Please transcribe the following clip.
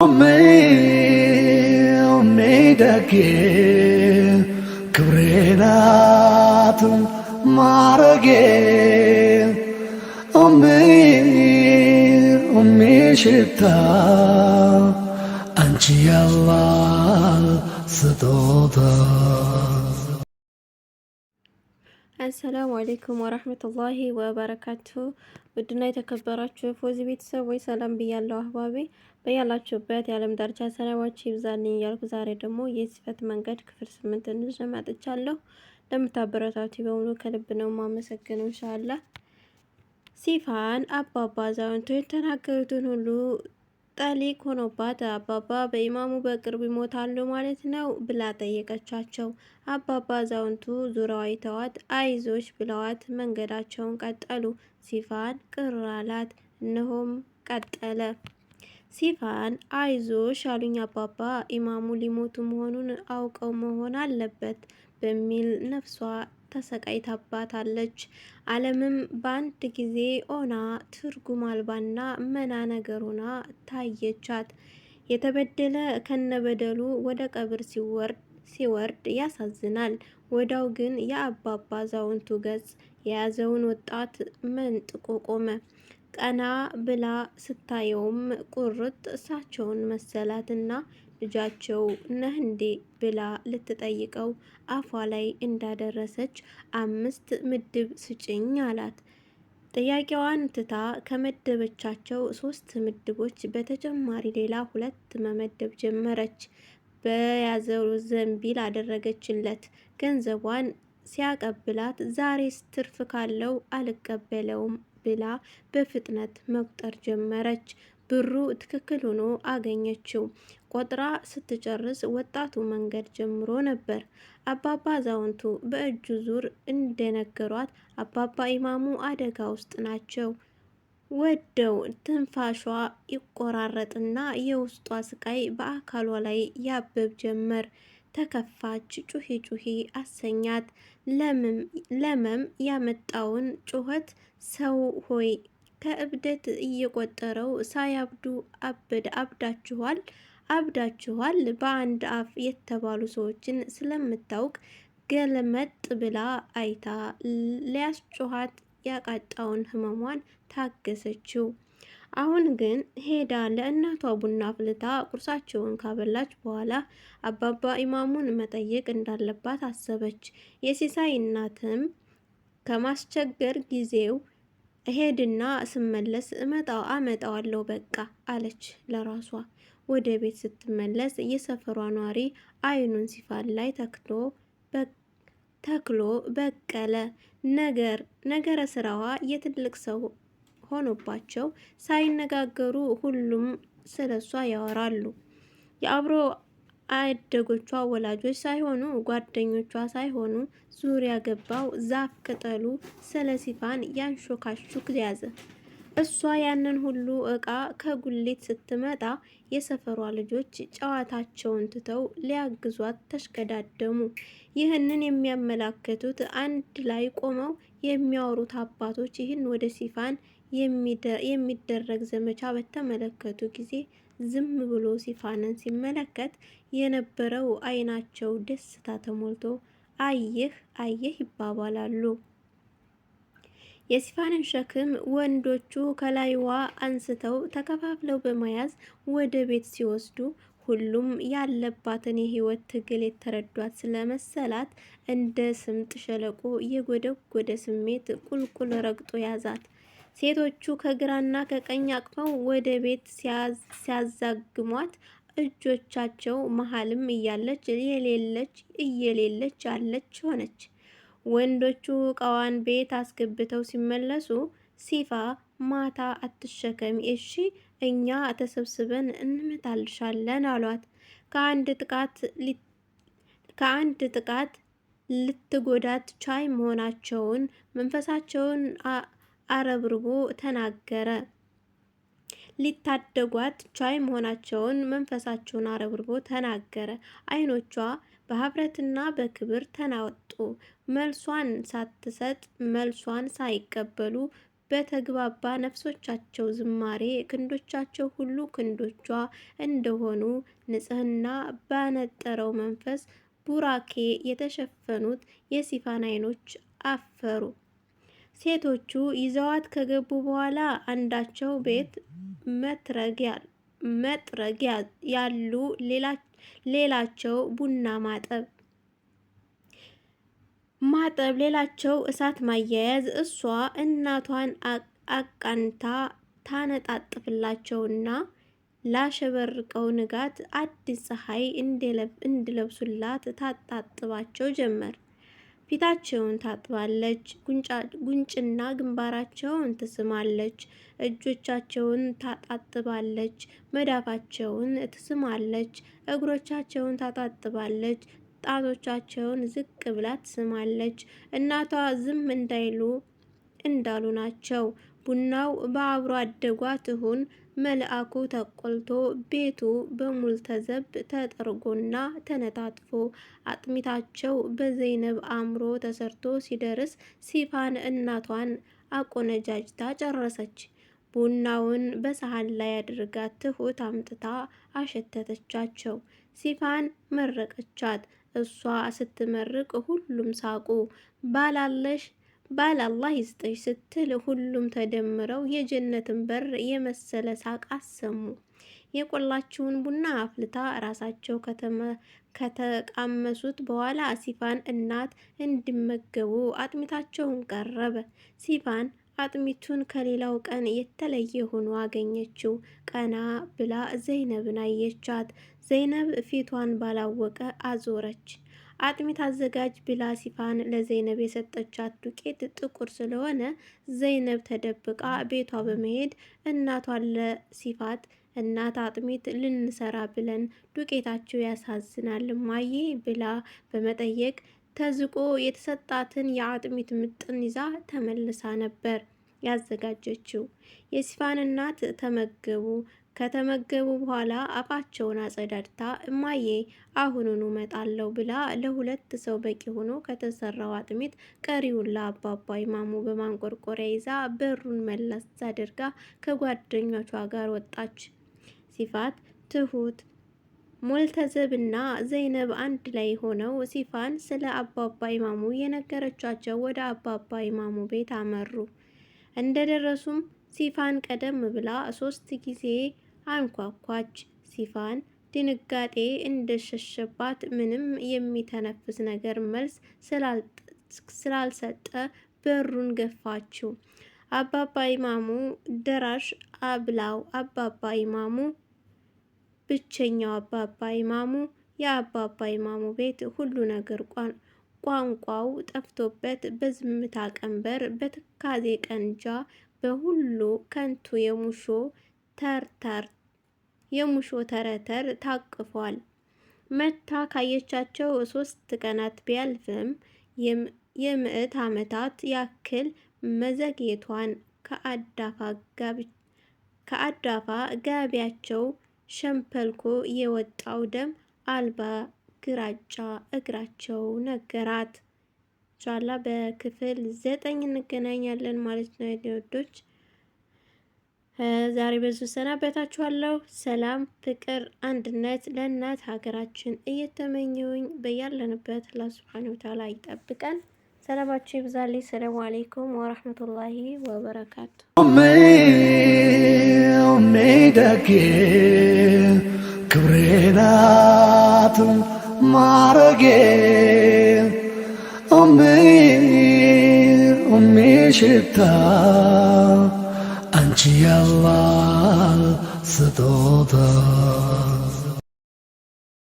أمي السلام عليكم ورحمة الله وبركاته بدنا يتكبرات شوفوا زبيت سوي سلام بيا الله أحبابي በያላችሁበት የዓለም ዳርቻ ሰላማችሁ ይብዛልኝ እያልኩ ዛሬ ደግሞ የስፈት መንገድ ክፍል ስምንት እንዘ መጥቻለሁ። ለምታበረታቱ በሙሉ ከልብ ነው ማመሰግነው። እንሻላ ሲፋን አባባ አዛውንቱ የተናገሩትን ሁሉ ጠሊቅ ሆኖባት አባባ በኢማሙ በቅርብ ይሞታሉ ማለት ነው ብላ ጠየቀቻቸው። አባባ አዛውንቱ ዙሪያዋ አይተዋት አይዞች ብለዋት መንገዳቸውን ቀጠሉ። ሲፋን ቅር አላት። እነሆም ቀጠለ። ሲፋን አይዞሽ አሉኝ አባባ ኢማሙ ሊሞቱ መሆኑን አውቀው መሆን አለበት በሚል ነፍሷ ተሰቃይታባታለች። ዓለምም በአንድ ጊዜ ኦና ትርጉም አልባና መና ነገር ሆና ታየቻት። የተበደለ ከነበደሉ ወደ ቀብር ሲወርድ ሲወርድ ያሳዝናል። ወዳው ግን የአባባ አዛውንቱ ገጽ የያዘውን ወጣት መንጥቆ ቆመ። ቀና ብላ ስታየውም ቁርጥ እሳቸውን መሰላትና ልጃቸው ነህ እንዴ ብላ ልትጠይቀው አፏ ላይ እንዳደረሰች አምስት ምድብ ስጭኝ አላት። ጥያቄዋን ትታ ከመደበቻቸው ሶስት ምድቦች በተጨማሪ ሌላ ሁለት መመደብ ጀመረች። በያዘው ዘንቢል አደረገችለት። ገንዘቧን ሲያቀብላት ዛሬስ ትርፍ ካለው አልቀበለውም ብላ በፍጥነት መቁጠር ጀመረች። ብሩ ትክክል ሆኖ አገኘችው። ቆጥራ ስትጨርስ ወጣቱ መንገድ ጀምሮ ነበር። አባባ አዛውንቱ በእጁ ዙር እንደነገሯት አባባ ኢማሙ አደጋ ውስጥ ናቸው። ወደው ትንፋሿ ይቆራረጥና የውስጧ ስቃይ በአካሏ ላይ ያብብ ጀመር። ተከፋች። ጩሂ ጩሂ አሰኛት። ለመም ያመጣውን ጩኸት ሰው ሆይ ከእብደት እየቆጠረው ሳያብዱ አበድ አብዳችኋል አብዳችኋል በአንድ አፍ የተባሉ ሰዎችን ስለምታውቅ ገለመጥ ብላ አይታ ሊያስጮኋት ያቃጣውን ህመሟን ታገሰችው። አሁን ግን ሄዳ ለእናቷ ቡና አፍልታ ቁርሳቸውን ካበላች በኋላ አባባ ኢማሙን መጠየቅ እንዳለባት አሰበች። የሲሳይ እናትም ከማስቸገር ጊዜው እሄድና ስመለስ እመጣው አመጣዋለሁ በቃ አለች ለራሷ። ወደ ቤት ስትመለስ የሰፈሯ ኗሪ አይኑን ሲፋል ላይ ተክሎ ተክሎ በቀለ ነገር ነገረ ስራዋ የትልቅ ሰው ሆኖባቸው ሳይነጋገሩ ሁሉም ስለ እሷ ያወራሉ። የአብሮ አደጎቿ ወላጆች ሳይሆኑ ጓደኞቿ ሳይሆኑ ዙሪያ ገባው ዛፍ ቅጠሉ ስለ ሲፋን ያንሾካሹክ ያዘ። እሷ ያንን ሁሉ እቃ ከጉሊት ስትመጣ የሰፈሯ ልጆች ጨዋታቸውን ትተው ሊያግዟት ተሽቀዳደሙ። ይህንን የሚያመላክቱት አንድ ላይ ቆመው የሚያወሩት አባቶች ይህን ወደ ሲፋን የሚደረግ ዘመቻ በተመለከቱ ጊዜ ዝም ብሎ ሲፋነን ሲመለከት የነበረው አይናቸው ደስታ ተሞልቶ አየህ አየህ ይባባላሉ። የሲፋንን ሸክም ወንዶቹ ከላይዋ አንስተው ተከፋፍለው በመያዝ ወደ ቤት ሲወስዱ ሁሉም ያለባትን የህይወት ትግል የተረዷት ስለመሰላት እንደ ስምጥ ሸለቆ የጎደጎደ ስሜት ቁልቁል ረግጦ ያዛት። ሴቶቹ ከግራና ከቀኝ አቅፈው ወደ ቤት ሲያዛግሟት እጆቻቸው መሀልም እያለች የሌለች እየሌለች አለች ሆነች። ወንዶቹ እቃዋን ቤት አስገብተው ሲመለሱ ሲፋ ማታ አትሸከሚ እሺ፣ እኛ ተሰብስበን እንመታልሻለን አሏት። ከአንድ ጥቃት ከአንድ ጥቃት ልትጎዳት ቻይ መሆናቸውን መንፈሳቸውን አረብርቦ ተናገረ። ሊታደጓት ቻይ መሆናቸውን መንፈሳቸውን አረብርቦ ተናገረ። አይኖቿ በሀብረትና በክብር ተናወጡ። መልሷን ሳትሰጥ መልሷን ሳይቀበሉ በተግባባ ነፍሶቻቸው ዝማሬ ክንዶቻቸው ሁሉ ክንዶቿ እንደሆኑ ንጽህና ባነጠረው መንፈስ ቡራኬ የተሸፈኑት የሲፋን አይኖች አፈሩ። ሴቶቹ ይዘዋት ከገቡ በኋላ አንዳቸው ቤት መጥረጊያ ያሉ፣ ሌላቸው ቡና ማጠብ ማጠብ ሌላቸው እሳት ማያያዝ። እሷ እናቷን አቃንታ ታነጣጥፍላቸውና ላሸበርቀው ንጋት አዲስ ፀሐይ እንዲለብሱላት ታጣጥባቸው ጀመር። ፊታቸውን ታጥባለች፣ ጉንጭና ግንባራቸውን ትስማለች፣ እጆቻቸውን ታጣጥባለች፣ መዳፋቸውን ትስማለች፣ እግሮቻቸውን ታጣጥባለች፣ ጣቶቻቸውን ዝቅ ብላ ትስማለች። እናቷ ዝም እንዳይሉ እንዳሉ ናቸው። ቡናው በአብሮ አደጓ ትሁን መልአኩ ተቆልቶ ቤቱ በሙልተዘብ ተጠርጎና ተነጣጥፎ። አጥሚታቸው በዘይነብ አእምሮ ተሰርቶ ሲደርስ ሲፋን እናቷን አቆነጃጅታ ጨረሰች። ቡናውን በሰሃን ላይ አድርጋ ትሁት አምጥታ አሸተተቻቸው። ሲፋን መረቀቻት። እሷ ስትመርቅ ሁሉም ሳቁ። ባላለሽ ባል አላህ ይስጠሽ ስትል ሁሉም ተደምረው የጀነትን በር የመሰለ ሳቅ አሰሙ። የቆላችውን ቡና አፍልታ ራሳቸው ከተቃመሱት በኋላ ሲፋን እናት እንዲመገቡ አጥሚታቸውን ቀረበ። ሲፋን አጥሚቱን ከሌላው ቀን የተለየ ሆኖ አገኘችው። ቀና ብላ ዘይነብን አየቻት። ዘይነብ ፊቷን ባላወቀ አዞረች። አጥሚት አዘጋጅ ብላ ሲፋን ለዘይነብ የሰጠቻት ዱቄት ጥቁር ስለሆነ ዘይነብ ተደብቃ ቤቷ በመሄድ እናቷን ለሲፋት እናት አጥሚት ልንሰራ ብለን ዱቄታቸው ያሳዝናል ማዬ ብላ በመጠየቅ ተዝቆ የተሰጣትን የአጥሚት ምጥን ይዛ ተመልሳ ነበር ያዘጋጀችው። የሲፋን እናት ተመገቡ ከተመገቡ በኋላ አፋቸውን አጸዳድታ እማዬ አሁኑኑ እመጣለሁ ብላ ለሁለት ሰው በቂ ሆኖ ከተሰራው አጥሚት ቀሪውን ለአባባ ማሙ በማንቆርቆሪያ ይዛ በሩን መለስ አድርጋ ከጓደኞቿ ጋር ወጣች። ሲፋት፣ ትሁት፣ ሞልተዘብ እና ዘይነብ አንድ ላይ ሆነው ሲፋን ስለ አባባ ይማሙ የነገረቻቸው ወደ አባባ ይማሙ ቤት አመሩ። እንደደረሱም ሲፋን ቀደም ብላ ሶስት ጊዜ አንኳኳች። ሲፋን ድንጋጤ እንደሸሸባት ምንም የሚተነፍስ ነገር መልስ ስላልሰጠ በሩን ገፋችው። አባባይ ማሙ ደራሽ አብላው አባባ ማሙ! ብቸኛው አባባ ማሙ! የአባባ ማሙ ቤት ሁሉ ነገር ቋንቋው ጠፍቶበት በዝምታ ቀንበር በትካዜ ቀንጃ በሁሉ ከንቱ የሙሾ ተርተር የሙሾ ተረተር ታቅፏል። መታ ካየቻቸው ሶስት ቀናት ቢያልፍም የምዕት ዓመታት ያክል መዘግየቷን ከአዳፋ ጋቢያቸው ሸምፐልኮ የወጣው ደም አልባ ግራጫ እግራቸው ነገራት። ቻላ በክፍል ዘጠኝ እንገናኛለን ማለት ነው የወዶች ዛሬ በዚሁ ሰናበታችኋለሁ። ሰላም፣ ፍቅር፣ አንድነት ለእናት ሀገራችን እየተመኘውኝ በያለንበት ለሱብሓነ ወተዓላ ይጠብቀን። ሰላማችሁ ይብዛልኝ። ሰላሙ አሌይኩም ወረሕመቱላሂ ወበረካቱ። ሜ ደጌ ማረጌ ሜ ሽታ Gerçi Allah sıdoda